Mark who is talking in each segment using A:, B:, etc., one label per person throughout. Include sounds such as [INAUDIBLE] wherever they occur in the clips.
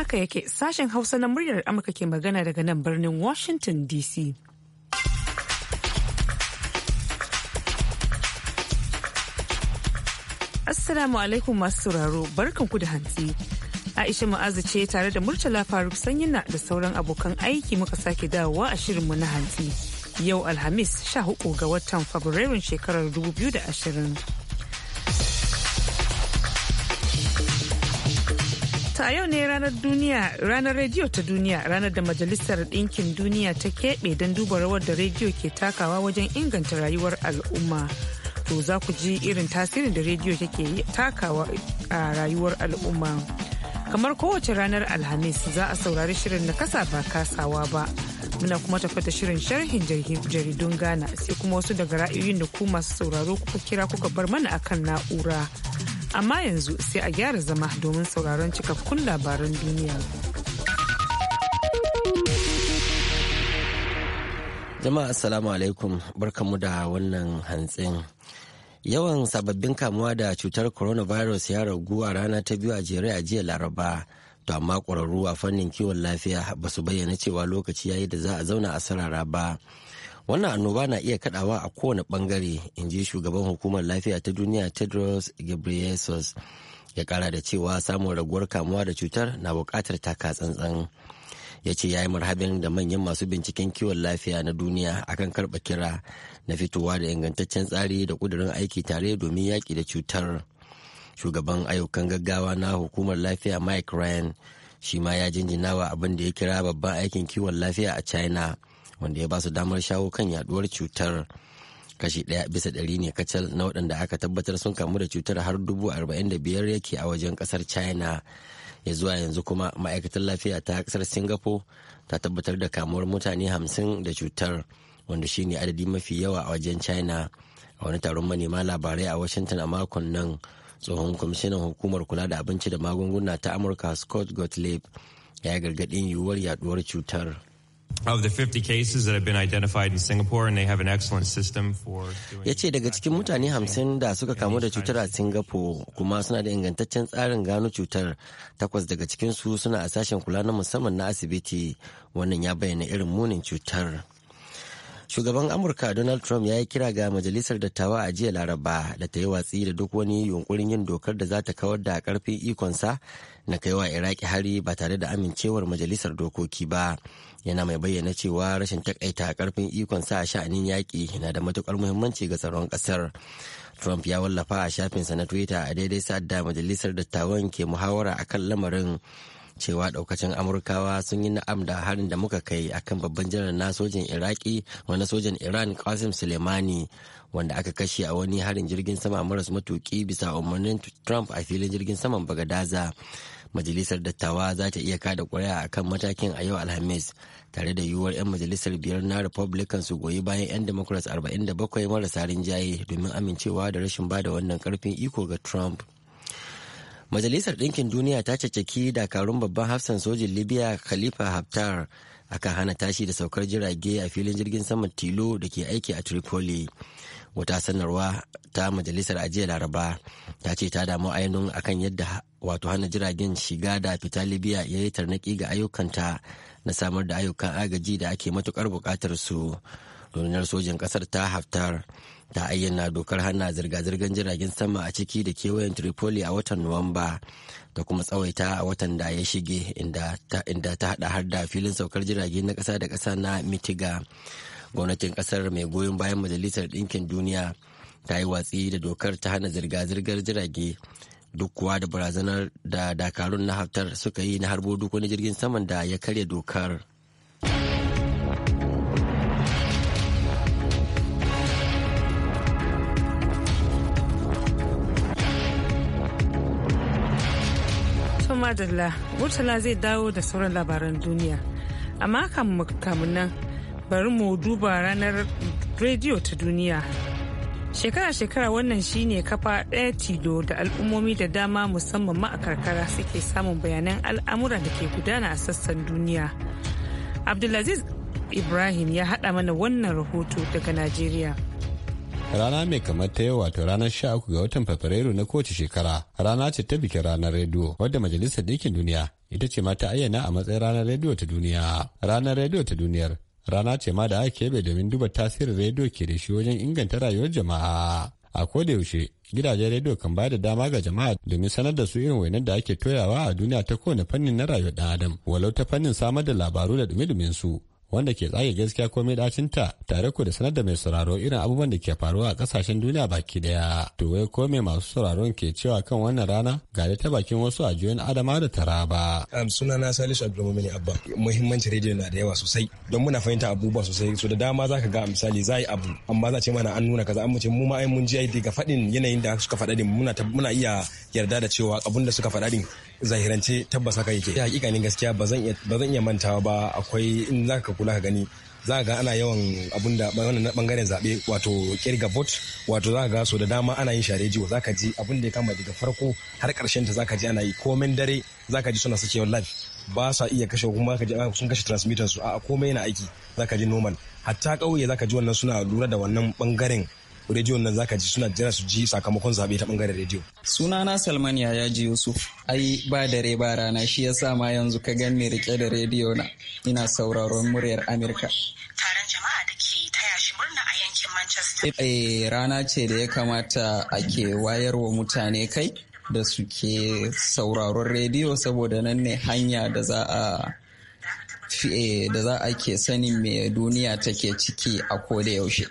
A: Haka yake sashen Hausa na muryar Amurka ke magana daga nan birnin Washington DC. Assalamu alaikum masu sauraro barkanku da hantsi. Aisha Ma'azu ce tare da Murtala Faruk Sanyina da sauran abokan aiki muka sake dawowa a shirinmu na hantsi. Yau Alhamis 14 ga watan Fabrairun shekarar 2020. To yau ne ranar duniya ranar rediyo ta duniya ranar da majalisar ɗinkin duniya ta keɓe don duba rawar da rediyo ke takawa wajen inganta rayuwar al'umma. To za ku ji irin tasirin da rediyo take takawa a rayuwar al'umma. Kamar kowace ranar Alhamis za a saurari shirin na kasa ba kasawa ba. Muna kuma tafi da shirin sharhin jaridun Ghana sai kuma wasu daga ra'ayoyin da ku masu sauraro kuka kira kuka bar mana akan na'ura. Amma yanzu sai a gyara zama domin sauraron cikakkun labaran duniya.
B: Jama'a Assalamu alaikum barkamu da wannan hantsin. Yawan sababbin kamuwa da cutar coronavirus ya ragu a rana ta biyu a jere a jiya Laraba. To amma ƙwararru a fannin kiwon lafiya ba su bayyana cewa lokaci yayi da za a zauna a sarara ba. wannan annoba na iya kadawa a kowane bangare in ji shugaban hukumar lafiya ta duniya tedros ghebreyesus ya kara da cewa samun raguwar kamuwa da cutar na bukatar taka tsantsan ya ce ya yi marhabin da manyan masu binciken kiwon lafiya na duniya akan karba kira na fitowa da ingantaccen tsari da kudurin aiki tare domin yaki da cutar shugaban ayyukan gaggawa na hukumar lafiya mike ryan shi ma ya jinjinawa abin da ya kira babban aikin kiwon lafiya a china wanda ya ba su damar shawo kan yaduwar cutar kashi ɗaya bisa ɗari ne kacal na waɗanda aka tabbatar sun kamu da cutar har dubu arba'in da biyar yake a wajen kasar china ya zuwa yanzu kuma ma'aikatar lafiya ta kasar singapore ta tabbatar da kamuwar mutane hamsin da cutar wanda shine adadi mafi yawa a wajen china a wani taron manema labarai a washington a makon nan tsohon kwamishinan hukumar kula da abinci da magunguna ta amurka scott gottlieb ya gargaɗin yiwuwar yaduwar cutar
C: Ya ce daga cikin mutane hamsin da suka
B: kamu da cutar a Singapore kuma suna da ingantaccen tsarin gano cutar takwas daga cikinsu suna a sashen kula na musamman na asibiti wannan ya bayyana irin munin cutar. shugaban amurka donald trump ya yi kira ga majalisar dattawa a jiya laraba da ta yi watsi da duk wani yunkurin yin dokar da za ta kawar da karfin ikonsa na kaiwa iraki hari ba tare da amincewar majalisar dokoki ba yana mai bayyana cewa rashin takaita karfin ikonsa a sha'anin yaƙi na da matukar muhimmanci ga tsaron ƙasar trump ya wallafa a shafinsa na twitter a daidai sa'ad da majalisar dattawan ke muhawara akan lamarin cewa daukacin amurkawa sun yi na'am da harin da muka kai akan babban janar na sojan iraki wani sojan iran qasim suleimani wanda aka kashe a wani harin jirgin sama maras matuki bisa umarnin trump a filin jirgin saman bagadaza majalisar dattawa za ta iya kada kuri'a akan matakin a yau alhamis tare da yiwuwar 'yan majalisar biyar na republican su goyi bayan 'yan democrats 47 marasa rinjaye domin amincewa da rashin bada wannan karfin iko ga trump Majalisar Ɗinkin Duniya ta caccaki dakarun babban hafsan sojin Libya Khalifa Haftar akan hana tashi da saukar jirage a filin jirgin saman tilo da ke aiki a Tripoli. Wata sanarwa ta majalisar ajiya Laraba ta ce ta damu ainihin akan yadda wato hana jiragen shiga da fita Libya ya yi tarnaki ga ayyukanta na samar da ayyukan agaji da ake matukar buƙatar su. rundunar sojin kasar ta haftar ta ayyana dokar hana zirga-zirgar jiragen sama a ciki da kewayen tripoli a watan nuwamba da kuma tsawaita a watan da ya shige inda ta hada har da filin saukar jirage na kasa da kasa na mitiga gwamnatin kasar mai goyon bayan majalisar ɗinkin duniya ta yi watsi da dokar ta hana zirga-zirgar jirage duk kuwa da barazanar da dakarun na haftar suka yi na harbo duk wani jirgin saman da ya karya dokar.
A: madalla murtala zai dawo da sauran labaran duniya amma kamun nan bari mu duba ranar rediyo ta duniya shekara-shekara wannan shine kafa ɗaya tilo da al'ummomi da dama musamman ma a karkara suke samun bayanan al'amura da ke gudana a sassan duniya abdulaziz ibrahim ya haɗa mana wannan rahoto daga najeriya
D: rana mai kamar ta yawa wato ranar sha ga watan fabrairu na kowace shekara rana ce ta bikin ranar rediyo wadda majalisar ɗinkin duniya ita ce ma ta ayyana a matsayin ranar rediyo ta duniya ranar rediyo ta duniyar rana ce ma da aka keɓe domin duba tasirin rediyo ke da shi wajen inganta rayuwar jama'a a da yaushe gidajen rediyo kan ba da dama ga jama'a domin sanar da su irin wainar da ake toyawa a duniya ta kowane fannin na rayuwar ɗan adam walau ta fannin samar da labaru da dumi su wanda ke tsage gaskiya komai dacinta tare ku da sanar da mai sauraro irin abubuwan da ke faruwa a kasashen duniya baki daya to wai ko mai masu sauraron ke cewa kan wannan rana ga ta bakin wasu a juyin adama da taraba
E: suna sunana salisu abdulmumin abba muhimmanci rediyo na da yawa sosai don muna fahimta abubuwa sosai so da dama zaka ga misali za yi abu amma za ce mana an nuna kaza an mace mu ma ai mun ji diga fadin yanayin da suka faɗa din muna muna iya yarda da cewa abun da suka faɗa din zahirance tabbasa tabbas haka yake ne gaskiya ba zan iya mantawa ba akwai in zaka kula ka gani za ga ana yawan abun da wannan bangaren zaɓe wato kirga vote wato za ga so da dama ana yin share jiwo za ka ji abun da ya kama daga farko har karshen ta za ka ji ana yi komen dare za ka ji suna sakewa live ba sa iya kashe kuma ka ji ah, sun kashe transmitter su a komai yana aiki za ka ji normal hatta ƙauye za ka ji wannan suna lura da wannan bangaren rediyon nan zaka ji suna jira su ji sakamakon zaɓe ta ɓangaren rediyo.
F: sunana salman yaya ji yusuf ai ba dare ba rana shi yasa ma yanzu ka gan ni rike da rediyo na ina sauraron muryar amurka. taron jama'a da
G: taya shi murna a yankin manchester.
F: eh rana ce da ya kamata ake wayarwa mutane kai da suke sauraron rediyo saboda nan ne hanya da za a eh, da za a ke sanin me duniya take ciki a ko da yaushe.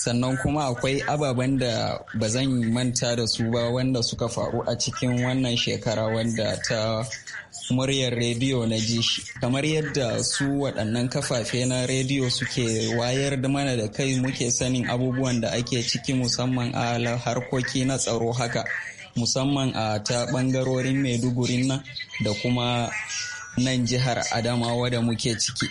F: sannan kuma akwai ababen da ba zan manta da su ba wanda suka faru a cikin wannan shekara wanda ta muryar rediyo na ji shi kamar yadda su waɗannan kafafe na rediyo suke wayar da mana da kai muke sanin abubuwan da ake ciki musamman a harkoki na tsaro haka musamman a ta ɓangarorin maiduguri nan da kuma nan jihar adamawa da muke ciki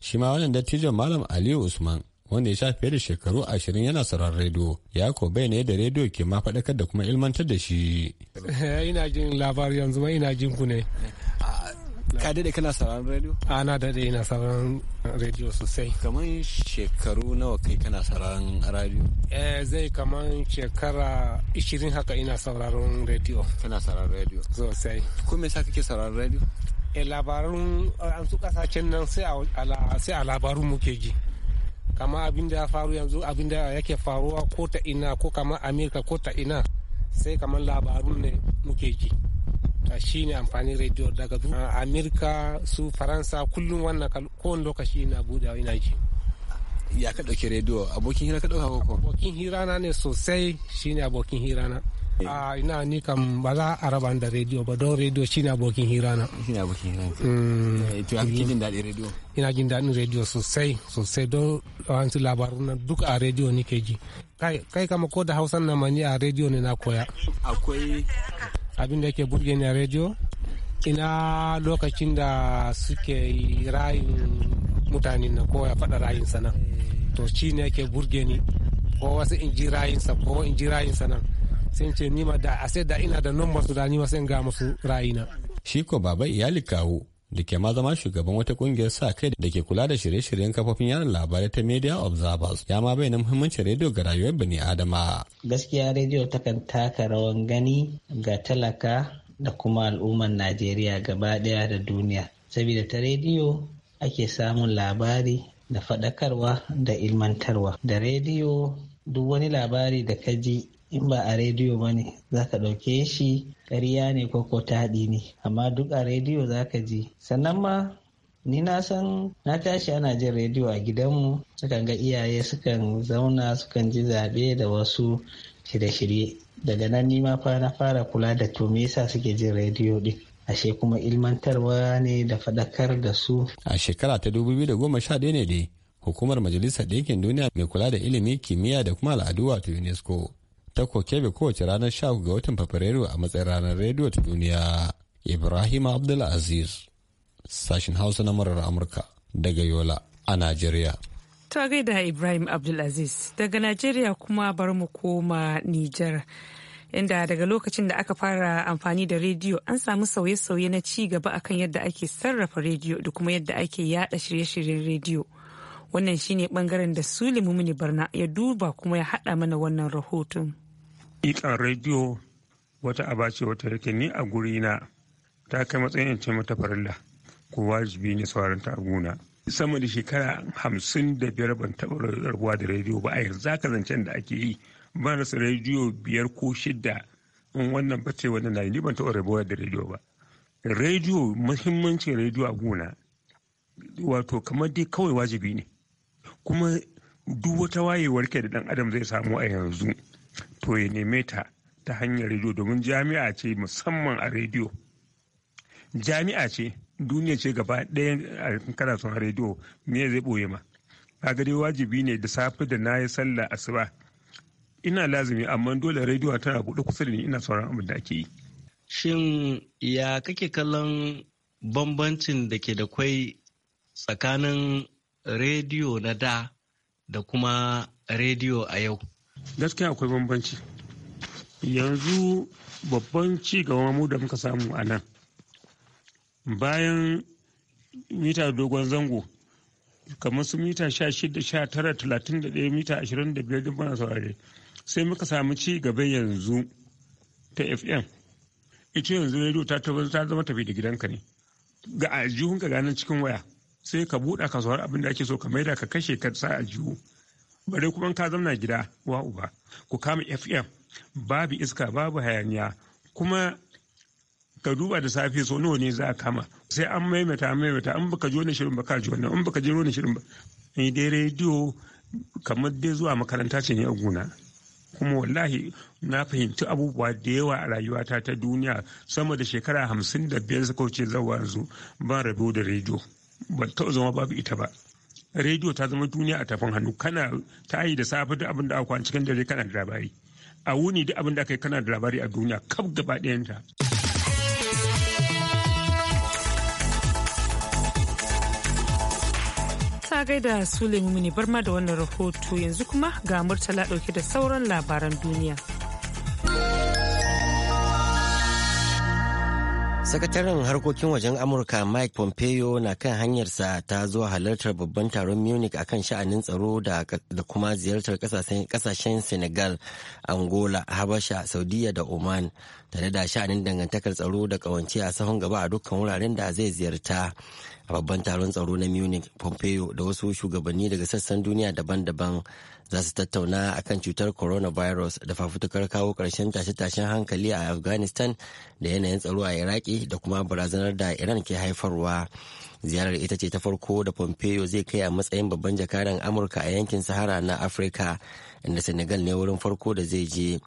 F: shi ma wannan dattijon malam
D: aliyu usman wanda ya sha fiye da shekaru ashirin yana sauran rediyo ya ko bai ne da rediyo ke ma faɗakar da kuma ilmantar da shi.
G: Eh, ina jin labari yanzu ma ina jin ku ne. Ah, ka daɗe kana sauran rediyo? ana ah, daɗe ina sauran rediyo sosai. kamar shekaru nawa kai kana sauran rediyo? eh zai kamar shekara ishirin haka ina sauraron rediyo. kana sauran rediyo? sosai. ko me yasa kake sauran rediyo? Eh, labarun eh, an su kasashen nan sai a labarun muke ji. kama abin da ya faru yanzu abin da yake faruwa ko ta ina ko kama amerika ko ta ina sai kamar labarun ne muke ji shi ne amfani rediyo daga ah, amerika su faransa kullum wannan kowane lokaci ina buɗe ina ji ya ka ɗauki rediyo abokin hira ka ɗauka ko abokin hira na ne sosai shine abokin hira na Eh. a ina ni kam ba za a raba da rediyo ba don rediyo shine abokin hira na abokin hira mm. eh, to rediyo ina jin daɗin rediyo sosai sosai don wasu labaru na duk a rediyo ke ji kai kama ko da hausan na mani a rediyo ne na koya akwai abin da ke burge ni a rediyo ina lokacin da suke rayin mutane na koya ya faɗa rayin sana eh. to shi ne ke burge ni ko wasu in ji rayinsa ko in ji rayinsa na. sai ce nima da a sai da ina da nan masu da nima sai ga musu rayina.
D: shi ko baba iyali kawo da ke ma zama shugaban wata kungiyar sa kai da ke kula da shirye-shiryen kafofin yaran labarai ta media observers ya ma bayyana muhimmancin rediyo ga rayuwar bani adama
H: gaskiya rediyo takan taka rawan gani ga talaka da kuma al'ummar najeriya gaba ɗaya da duniya saboda ta rediyo ake samun labari da faɗakarwa da ilmantarwa da rediyo duk wani labari da ka ji in ba a rediyo ba ne za ka ɗauke shi ƙarya ne ko ko taɗi ne amma duk a rediyo za ka ji sannan ma ni na san na tashi ana jin rediyo a gidanmu sukan ga iyaye sukan zauna sukan ji zaɓe da wasu shirye-shirye daga nan nima fa na fara kula da to me yasa suke jin rediyo ɗin ashe kuma ilmantarwa ne da faɗakar da su
D: a shekara ta 2011 ne dai hukumar majalisar ɗinkin duniya mai kula da ilimi kimiyya da kuma al'adu wato unesco ta kokebe kowace ranar 13 ga watan Fabrairu a matsayin ranar rediyo ta duniya. Ibrahim Abdulaziz, sashin Hausa na murar Amurka daga Yola a Najeriya.
A: Ta gaida Ibrahim Abdulaziz daga Najeriya kuma bar mu koma Nijar. Inda daga lokacin da aka fara amfani da rediyo an samu sauye-sauye na ci gaba akan yadda ake sarrafa rediyo da kuma yadda ake yada shirye-shiryen rediyo. Wannan shine bangaren da Sule Mumini Barna ya duba kuma ya haɗa mana wannan rahoton.
C: ikan rediyo wata aba ce wata yake ni a guri na ta kai matsayin in ce mata farilla ko wajibi ne sauran ta aguna sama da shekara hamsin da biyar ban taɓa rarrabuwa da rediyo ba a yanzu haka zancen da ake yi ban rasa rediyo biyar ko shidda in wannan ba ce wannan na ni ban taɓa rarrabuwa da rediyo ba rediyo muhimmancin rediyo a gona wato kamar dai kawai wajibi ne kuma duk wata wayewar ke da dan adam zai samu a yanzu to ya neme ta ta hanyar rediyo domin jami'a ce musamman a rediyo jami'a ce duniya ce gaba ɗaya a kana son rediyo me zai ɓoye ma ka dai wajibi ne da safe da na yi sallah asuba ina lazumi amma dole rediyo tana buɗe kusa da ni ina sauran abin da ake yi shin
I: ya kake
C: kallon
I: bambancin da ke da kwai tsakanin rediyo na da
C: da kuma rediyo a yau gaskiya akwai bambanci yanzu babban ci gaba mu da muka samu a nan bayan mita dogon zango kamar su mita sha shida sha mita 25 da duk mana saurare sai muka samu ci gaba yanzu ta fm ita yanzu rediyo ta ta zama tafi da gidanka ne ga aljihun ka ganin cikin waya sai ka buɗa ka saurari abin da ake so ka maida ka kashe ka sa aljihu Bari kuma ka zamna gida wa uba ku kama fm babu iska babu hayaniya kuma ka duba da safe so nawa ne za a kama sai an maimaita an maimaita an baka jona shirin ba ka ji wannan an baka ji shirin ba ni dai rediyo kamar dai zuwa makaranta ce ne a gona kuma wallahi na fahimci abubuwa da yawa a rayuwata ta duniya sama da shekara hamsin da biyar suka wuce zawa yanzu ban rabo da rediyo ban taɓa zama babu ita ba rediyo ta zama duniya a tafin hannu kana ta yi da safe duk abin da aka cikin dare kana da labari a wuni da abin da aka yi kana da labari a duniya kaf gaba ɗayanta.
A: ta gaida Suleiman bar Barma da wannan rahoto yanzu kuma ga Murtala ɗauke da sauran labaran duniya.
B: sakataren harkokin wajen amurka mike pompeo na kan hanyarsa ta zuwa halartar babban taron munich akan sha'anin tsaro da kuma ziyartar kasashen senegal angola habasha saudiya da oman tare da sha'anin dangantakar tsaro da kawance a sahun gaba a dukkan wuraren da zai ziyarta a babban taron tsaro na munich pompeo da wasu shugabanni daga sassan duniya daban-daban za su tattauna a kan cutar coronavirus da fafutukar kawo karshen tashe-tashen hankali a afghanistan da yanayin tsaro a iraki da kuma barazanar da iran ke haifarwa ziyarar ita ce ta farko da pompeo zai kai a matsayin babban jakaran amurka a yankin sahara na afirka inda senegal ne wurin farko da zai je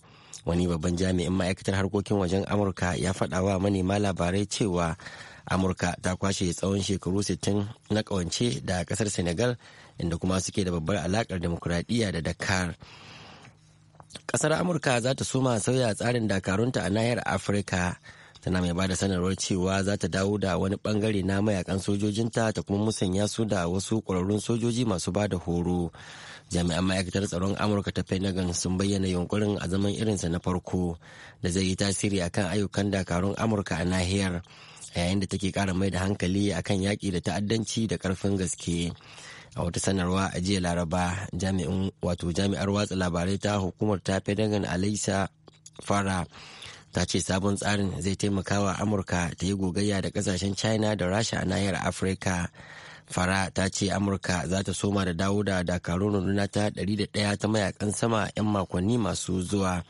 B: wani babban jami'in ma'aikatar harkokin wajen amurka ya faɗa wa manema labarai cewa amurka ta kwashe tsawon shekaru 60 na kawance da kasar senegal inda kuma suke da babbar alakar demokuraɗiyya da dakar kasar amurka za ta soma sauya tsarin dakarunta a nahiyar afirka tana mai bada sanarwar cewa za ta dawo da wani bangare na mayakan sojojinta ta kuma musanya su da wasu kwararrun sojoji masu ba da horo jami'an ma'aikatar tsaron amurka ta pentagon sun bayyana yunkurin a zaman irinsa na farko da zai yi tasiri akan ayyukan dakarun amurka a nahiyar a yayin da take kara mai da hankali a kan yaƙi da ta'addanci da ƙarfin gaske a wata sanarwa a jiya laraba wato jami'ar watsa labarai ta hukumar ta fedangan alaisa fara ta ce sabon tsarin zai taimaka wa amurka ta yi gogayya da kasashen china da rasha a nahiyar afirka fara ta ce amurka za ta soma da dawo da dakarun runduna ta 101 ta mayakan sama 'yan makonni masu zuwa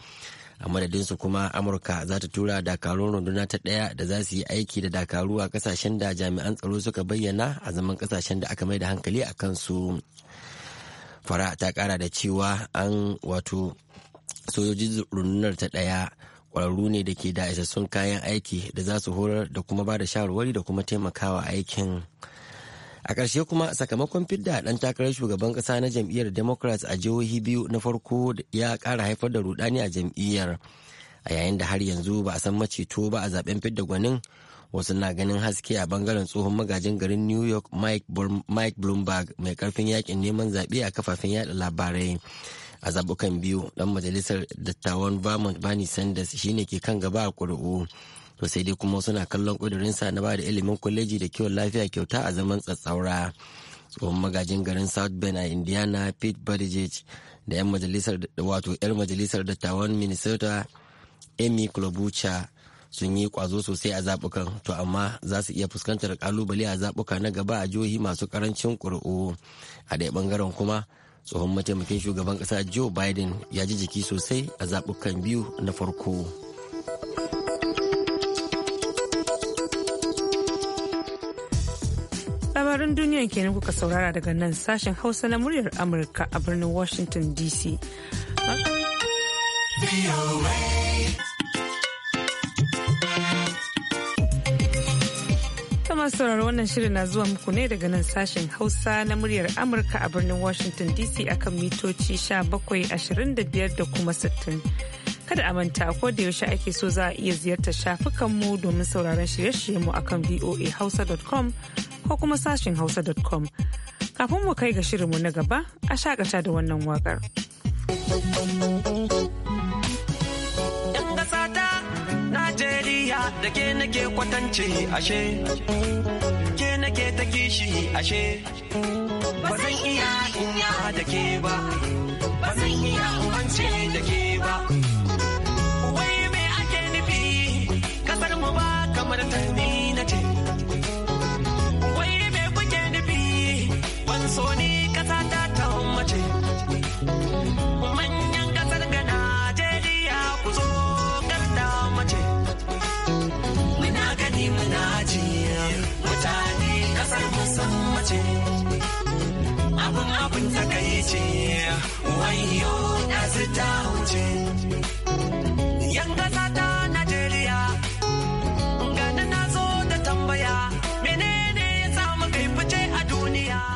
B: a madadinsu kuma amurka za ta tura dakarun runduna ta ɗaya da za su yi aiki da dakaru a kasashen da jami'an tsaro suka bayyana a zaman kasashen da aka mai da hankali a kansu fara ta kara da cewa an wato sojojin rundunar ta ɗaya kwararru ne da ke da isassun kayan aiki da za su horar da kuma ba da shawarwari da kuma taimakawa aikin a ƙarshe kuma sakamakon fidda ɗan takarar shugaban ƙasa na jam'iyyar democrats a jihohi biyu na farko ya ƙara haifar da rudani a jam'iyyar a yayin da har yanzu ba a san maceto ba a zaben fidda gwanin wasu na ganin haske a bangaren tsohon magajin garin new york mike bloomberg mai karfin yakin neman zaɓe a kafafen yaɗa labarai a zabukan biyu ɗan majalisar dattawan vermont bernie sanders shine ke kan gaba a ƙuri'u to sai dai kuma suna kallon ƙudurinsa na ba da ilimin kwaleji da kiwon lafiya kyauta a zaman tsatsaura tsohon magajin garin south bend a indiana pete buttigieg da 'yan majalisar wato 'yar majalisar dattawan minnesota amy klobuchar sun yi kwazo sosai a zabukan to amma za su iya fuskantar kalubale a zabuka na gaba a jihohi masu karancin ƙuri'u a ɗaya bangaren kuma tsohon mataimakin shugaban ƙasa joe biden ya ji jiki sosai a zabukan biyu na farko.
A: labaran duniya kenan kuka saurara daga nan sashen hausa na muryar amurka a birnin washington dc kamar sauraro wannan shirin na zuwa muku ne daga nan sashen hausa na muryar amurka a birnin washington dc akan mitoci 25 da kuma 60 kada a manta ko da yaushe ake so za a iya ziyartar shafukanmu domin sauraron shirye-shiryenmu akan voahausa.com ko kuma sashin hausa.com kafin mu kai ga shirinmu na gaba a shakata da wannan wakar.
B: Najeriya da ke nake kwatance ashe, ke nake ta kishi ashe, ba zan iya inya da ke ba, ba zan iya umance da ke ba. da tafi na ce wai me kuke nufi ban so ni kasa ta ta mace manyan kasar ga najeriya ku zo karta mace muna gani muna ji mutane kasar musan mace abin abin
H: takaici wayo ɗazu ta wuce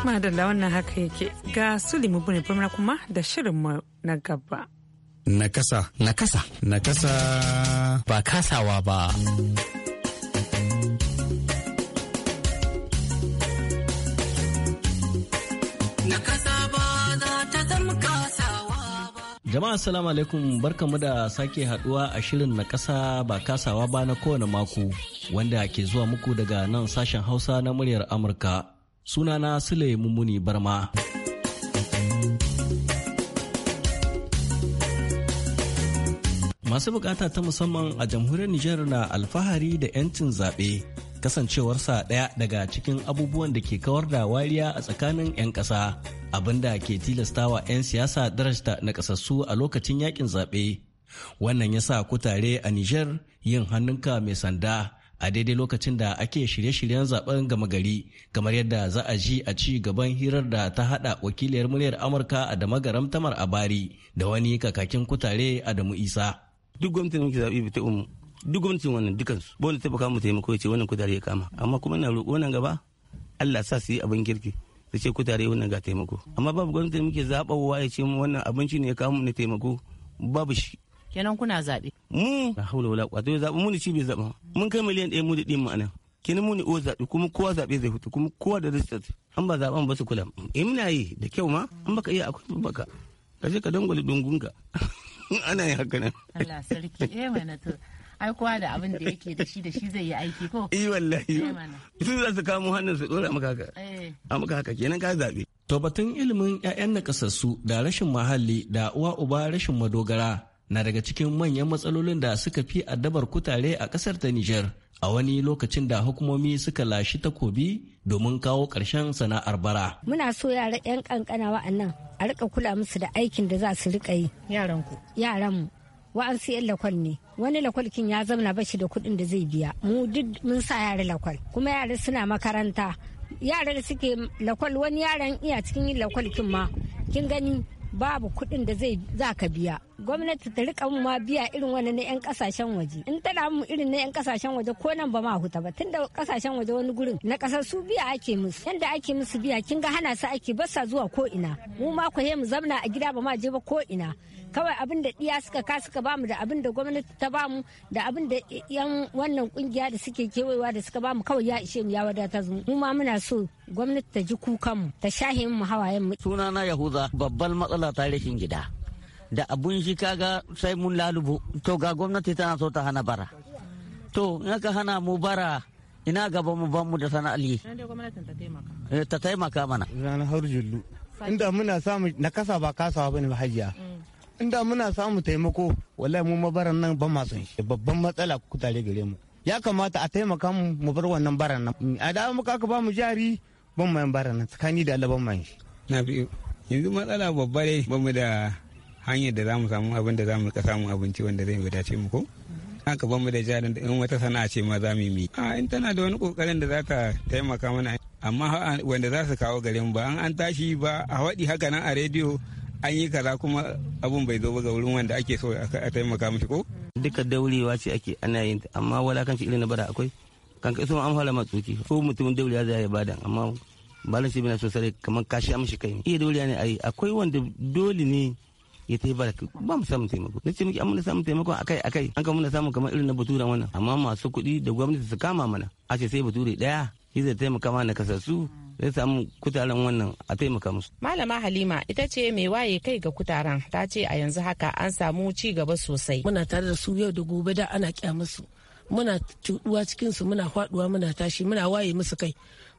A: Madalla wannan haka yake ga Sulimu Bune Burma kuma da shirinmu na gaba.
F: Nakasa. Nakasa. Nakasa.
H: Ba kasawa ba.
I: Jama'a salamu alaikum barkamu da sake haduwa a shirin na kasa ba kasawa ba na kowane mako wanda ke zuwa muku daga nan sashen hausa na muryar Amurka. sunana sule mummuni barma masu bukata ta musamman a jamhuriyar nijar na alfahari da 'yancin zaɓe kasancewarsa ɗaya daga cikin abubuwan da ke kawar da wariya a tsakanin 'yan ƙasa abinda ke tilastawa 'yan siyasa darajta na ƙasassu a lokacin yakin zaɓe wannan ya sa kutare a nijar yin hannunka mai sanda a daidai lokacin da ake shirye-shiryen zaben gama gari kamar yadda za a ji a ci gaban hirar da ta hada wakiliyar muryar amurka a damagaram tamar abari da wani kakakin kutare adamu isa duk gwamnati da muke zaɓi ta umu duk gwamnatin wannan dukansu ba wanda taɓa mu taimako ya ce wannan kutare ya kama amma kuma
H: na roƙo nan gaba allah sa su yi abin kirki su ce kutare wannan ga taimako amma babu gwamnati da muke wa ya ce wannan abinci ne ya kama na taimako babu shi kenan kuna zaɓe. mu hmm. na haula wala kwato ya zaɓe mu ne shi bai zaɓa mun kai miliyan ɗaya mu da ɗin mu anan kenan mu ne o zaɓe kuma kowa zaɓe zai fito kuma kowa da rajistar an ba zaɓen ba su kula in eh, muna yi da kyau ma an baka iya akwai baka ka je ka dangwale dungunka [LAUGHS] ana yi haka nan.
A: Allah sarki
H: eh mana to ai kowa da abin da yake da shi da shi zai yi aiki ko Iyi eh, wallahi eh,
I: su za su kamo hannun su dora maka haka a maka haka kenan ka zabe to batun ilimin 'ya'yan nakasassu da rashin mahalli da uwa uba rashin madogara na daga cikin manyan matsalolin da suka fi addabar kutare a kasar ta Nijar a wani lokacin da hukumomi suka lashi takobi domin kawo karshen sana'ar bara. Muna so yara 'yan ƙanƙana wa'annan a rika kula musu da aikin da za su rika yi. Yaranku. Yaranmu. Wa'ansu 'yan lakwal ne. Wani lakwalkin ya ba bashi da kuɗin da zai biya. Mu duk mun sa yara lakwal. Kuma yara suna makaranta. Yara da suke lakwal wani yaran iya cikin yin lakwalkin ma. Kin gani babu kuɗin da zai za ka biya gwamnati ta rika mu ma biya irin wani na 'yan kasashen waje in ta mu irin na 'yan kasashen waje ko nan ba ma huta ba tunda kasashen waje wani gurin na kasar su biya ake musu yanda ake musu biya kin ga hana su ake basa zuwa ko ina mu ma he mu zamna a gida ba ma je ba ko ina kawai abin da ɗiya suka ka suka bamu da abin da gwamnati ta bamu da abin da yan wannan kungiya da suke kewayewa da suka bamu kawai ya ishe mu ya wadata mu mu ma muna so gwamnati ta ji kukan mu ta shahe mu hawayen mu sunana
H: yahuza babbal matsala ta rashin gida da abun shi kaga sai mun lalubo to ga gwamnati tana so ta hana bara to in ka hana mu bara ina gaba mu ban mu da sana'ar yi eh, ta taimaka mana ranar har jullu inda muna samu na kasa ba kasawa bane ba hajiya mm. inda muna samu taimako wallahi mu mabaran nan ban masu shi babban matsala kutare gare mu ya kamata a taimaka mu mu bar wannan baran nan a da muka aka ba mu jari ban mayan baran nan tsakani da Allah ban mayan shi na biyu yanzu matsala babba ne ba mu da hanyar da za mu samu abin da za mu samu abinci wanda zai wadace mu ko haka ba mu da jarin da in wata sana'a ce ma za mu yi a in tana da wani kokarin da za ta taimaka mana amma wanda za su kawo gare mu ba an tashi ba a waɗi haka nan a rediyo an yi kaza kuma abun bai zo ba ga wurin wanda ake so a taimaka mishi ko duka daurewa ce ake ana yin ta amma walakanci irin na bara akwai kan kai so an fara matsuki ko mutumin daurewa zai ya bada amma balan shi bina sosai kamar kashi amshi kai ne iya daurewa ne ayi akwai wanda dole ne ya ta yi baraka ba mu samun taimako na ce muke an muna samun taimako akai akai an kan muna samun kamar irin na batura wannan amma masu kuɗi da gwamnati su kama mana a ce sai bature ɗaya shi zai taimaka ma na kasassu zai samu kutaren wannan a taimaka musu.
A: Malama Halima ita ce mai waye kai ga kutaren ta ce a yanzu haka an samu ci gaba sosai. Muna tare da su yau da gobe da ana kya musu. Muna cuɗuwa cikinsu muna faɗuwa muna tashi muna waye musu kai.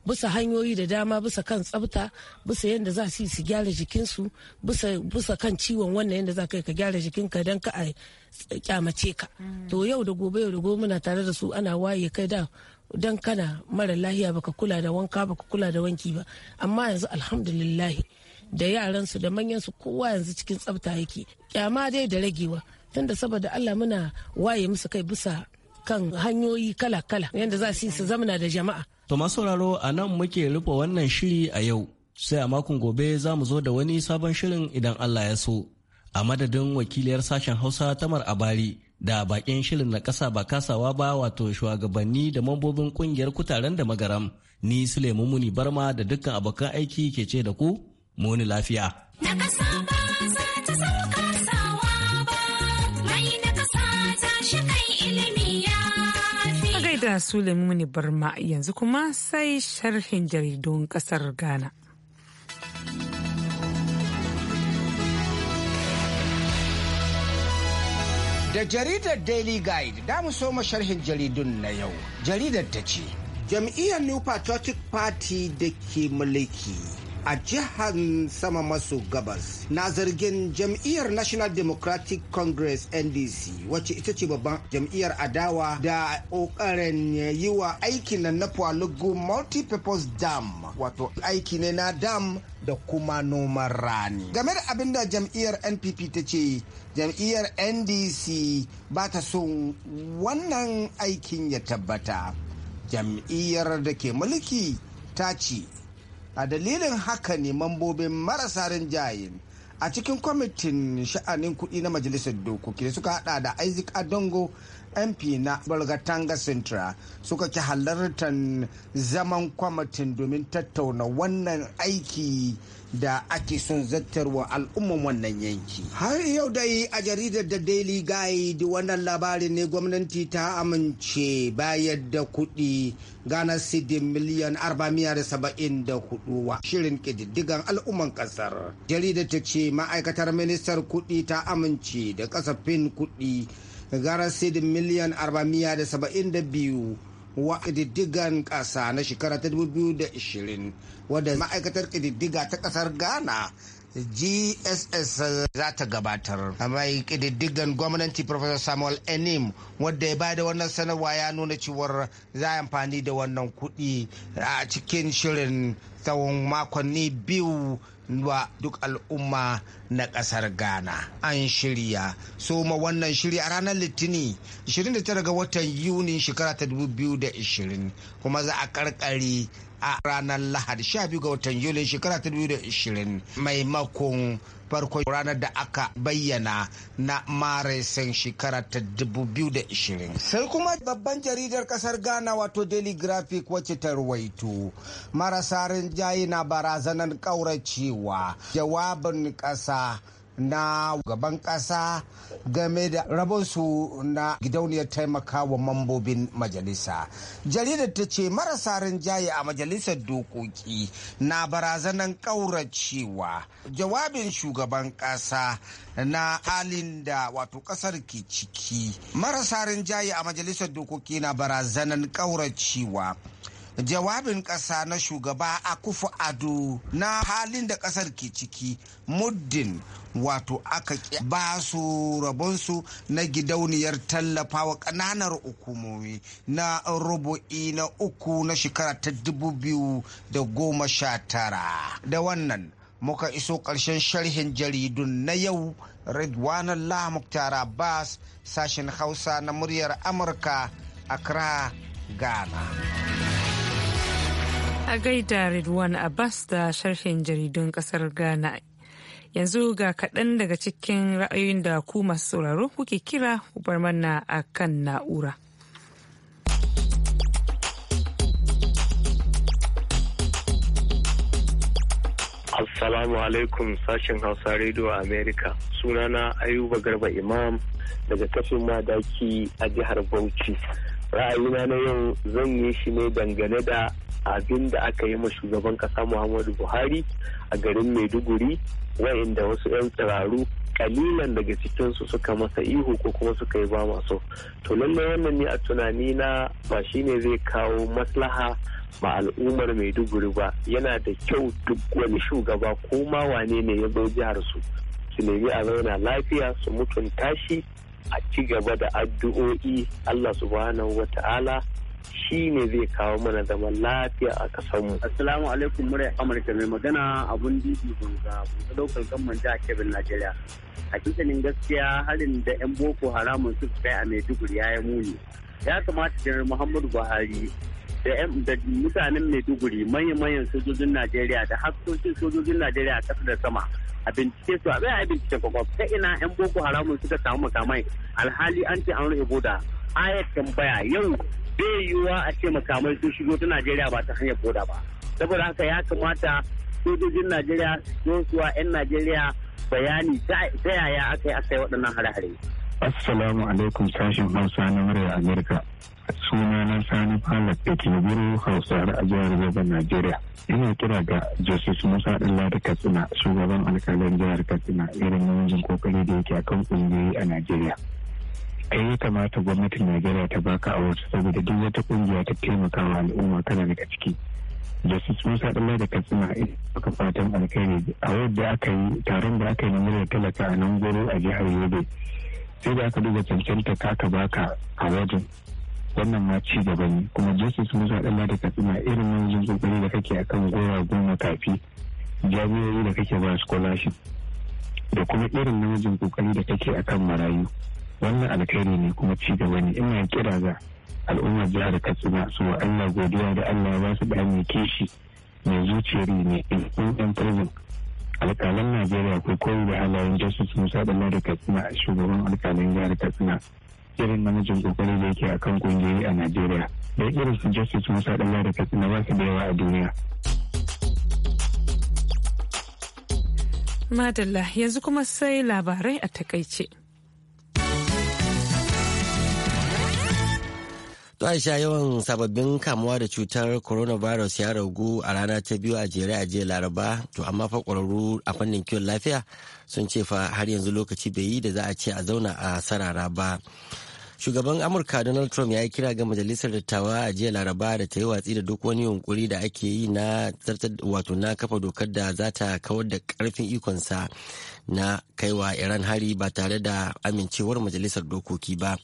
A: bisa hanyoyi da dama bisa kan tsafta bisa yadda za su yi su gyara jikinsu bisa kan ciwon wannan yadda za ka ka gyara jikinka don ka kyamace ka to yau da gobe yau da gobe muna tare da su ana waye kai da dan kana mara lahiya baka kula da wanka baka kula da wanki ba amma yanzu alhamdulillah da yaransu da manyansu kowa yanzu cikin tsafta yake kyama dai da ragewa tunda saboda Allah muna waye musu kai bisa kan hanyoyi kala-kala yanda za su su zamana da jama'a.
I: To masu sauraro a nan muke rufe wannan shiri a yau sai a makon gobe za mu zo da wani sabon shirin idan Allah ya so. a madadin wakiliyar sashen hausa tamar abari da bakin shirin na kasa ba kasawa ba wato shugabanni da mambobin kungiyar kutaren da magaram ni sulaimu muni barma da dukkan abokan aiki ke ce da ku muni lafiya
A: gaida sulaimu muni barma yanzu kuma sai sharhin jaridun kasar ghana Da jaridar
E: Daily Guide da mu soma sharhin jaridun na yau. Jaridar ta ce, Jam'iyyar New Patriotic Party da ke mulki a jihar sama maso gabas na zargin jam'iyyar national democratic congress ndc wacce ita ce babban jam'iyyar adawa da kokarin yi wa aikin na na palugu multi-purpose dam wato aiki ne na dam da kuma noman rani game da abin da jam'iyyar npp ta ce jam'iyyar ndc ba ta son wannan aikin ya tabbata jam'iyyar da ke mulki ta ce a dalilin haka ne mambobin marasa rinjaye a cikin kwamitin sha'anin kuɗi na majalisar dokoki suka hada da isaac adongo mp na tanga central suka ki halartar zaman kwamitin domin tattauna wannan aiki da ake son zattarwa al'umman wannan yanki. Har yau dai a jaridar da Daily Guide wannan labarin ne gwamnati ta amince bayar da kuɗi Ghana sidin miliyan 474 wa shirin ƙididdigan al'umman ƙasar. Jaridar ta ce ma'aikatar ministar kuɗi ta amince da kasafin kuɗi Ghana sidin miliyan 472 wa ƙididdigan ƙasa na shekara ta 2020 wadda ma'aikatar ƙididdiga ta ƙasar ghana gss za ta gabatar mai ƙididdigan gwamnati professor samuel enim wadda ya bada wannan sanarwa ya nuna cewar za a amfani da wannan kuɗi a cikin shirin tsawon makonni biyu wa duk al'umma na kasar ghana an shirya soma wannan shiri a ranar litini 29 ga watan yuni shekara ta 2020 kuma za a karkare a ranar lahadi 12 ga watan yuli shekara 2020 maimakon farko ranar da aka bayyana na marasin shekara ta 2020. Sai kuma babban jaridar kasar Ghana wato Daily Graphic wacce ta ruwaito Marasarin Jayi na barazanar ƙauracewa jawabin ƙasa na gaban ƙasa game da rabonsu na gidauniyar taimakawa mambobin majalisa jaridar ta ce marasa rinjaye a majalisar dokoki na barazanan ƙauracewa jawabin shugaban ƙasa na halin da wato ƙasar ke ciki marasa rinjaye a majalisar dokoki na barazanan ƙauracewa jawabin ƙasa na shugaba a kufu ado na halin da ƙasar ke ciki muddin wato aka ba su rabonsu na gidauniyar tallafawa ƙananan hukumomi na rubu'i na uku na shekara ta dubu biyu da goma sha tara da wannan muka iso ƙarshen sharhin jaridun na yau Ridwanan Muktar Bas sashen Hausa na muryar Amurka a Accra, Ghana.
A: A gaida Ridwan Abbas da sharhin jaridun ƙasar Ghana yanzu ga kaɗan daga cikin ra'ayoyin da ku masu sauraro kuke kira ku mana a kan na'ura.
J: Assalamu alaikum sashen Hausa Radio America. Sunana Ayuba Garba Imam daga kafin madaki a jihar Bauchi. Ra'ayina na yau zan yi shi ne dangane da abin da aka yi ma shugaban kasa muhammadu buhari a garin maiduguri wayanda wasu 'yan tsiraru kalilan daga cikinsu suka masa ihu ko kuma suka yi ba maso to lallai wannan ne a tunani na ba shine zai kawo maslaha ba al'ummar maiduguri ba yana da kyau duk wani shugaba ko ma wane ne ya zo jihar su su nemi a zauna lafiya su mutunta shi a ci gaba da addu'o'i allah subhanahu wa ta'ala shi ne zai kawo mana zaman lafiya a ƙasarmu. Assalamu alaikum murai Amurka mai magana abun didi gunga bunga daukar
H: gamman jihar Kebbi Najeriya. Hakikanin gaskiya harin da 'yan Boko Haramun su kai a Maiduguri ya yi muni. Ya kamata Janar Muhammadu Buhari da mutanen Maiduguri manyan sojojin Najeriya da hafsoshin sojojin Najeriya a ƙasa da sama a bincike su a bai a bincike kwakwaf ta ina 'yan Boko Haramun suka samu makamai alhali an ce an rufe boda ayat tambaya yau bai yiwuwa a ce makamai sun shigo ta najeriya ba ta hanyar koda ba saboda haka ya kamata sojojin najeriya su suwa 'yan najeriya bayani ta yaya aka yi aka yi waɗannan hare-hare
J: assalamu alaikum sashen hausa na murya amerika suna na sani palak da ke biro hausa a jihar zaben najeriya ina kira ga joseph musa dalla da katsina shugaban alkalin jihar katsina irin yanzu kokari da yake a kan kungiyoyi a najeriya kai ya kamata gwamnatin najeriya ta baka a wasu saboda duk wata kungiya ta taimaka wa al'umma kana daga ciki da su musa dalla da katsina a aka fatan alkhairi a wadda aka yi taron da aka yi na murya talaka a nan goro a jihar yobe sai da aka duba cancanta kaka baka a wajen wannan ma ci gaba ne kuma justice musa dalla da katsina irin yanzu kokari da kake akan gora goma kafi jami'o'i da kake ba scholarship da kuma irin namijin kokari da kake akan marayu wannan alkhairi ne kuma ci gaba ne ina kira ga al'ummar jihar katsina su wa allah godiya da allah ba su da kishi mai zuciyar ne in ɗan prison alƙalan najeriya ko koyi da halayen justice musa da katsina a shugaban alƙalan jihar katsina irin namijin kokari da yake akan kungiyoyi a najeriya da irin su justice musa da katsina ba su da yawa a duniya
A: madalla yanzu kuma sai labarai a takaice.
B: To Aisha yawan sababbin kamuwa da cutar coronavirus ya ragu a rana ta biyu a jere a jere Laraba, to amma fa kwararru a fannin kiwon lafiya sun ce fa har yanzu lokaci bai yi da za a ce a zauna a sarara ba. Shugaban Amurka Donald Trump ya yi kira ga majalisar dattawa a jiya Laraba da ta yi watsi da duk wani yunkuri da ake yi na wato na kafa dokar da za ta kawar da karfin ikonsa na kaiwa Iran hari ba tare da amincewar majalisar dokoki ba.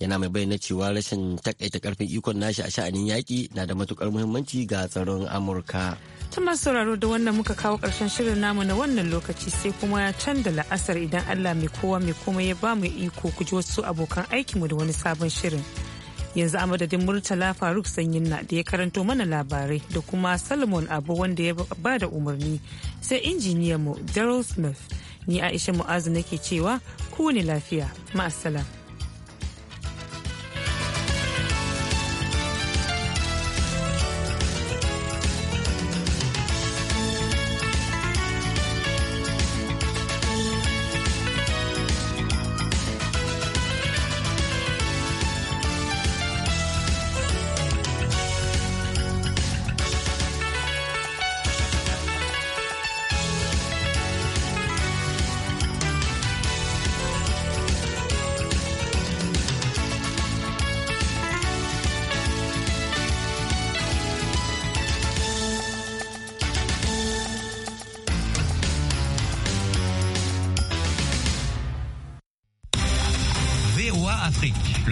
B: yana mai bayyana cewa rashin takaita karfin ikon nashi a sha'anin yaƙi na da matukar muhimmanci ga tsaron amurka
A: ta masu sauraro da wannan muka kawo ƙarshen shirin namu na wannan lokaci sai kuma can da la'asar idan allah mai kowa mai kuma ya ba mu iko ku ji wasu abokan aikinmu da wani sabon shirin yanzu a madadin murtala faruk sanyin na da ya karanto mana labarai da kuma salomon abu wanda ya ba da umarni sai injiniyanmu daryl smith ni aisha mu'azu nake cewa ku ne lafiya ma'asala.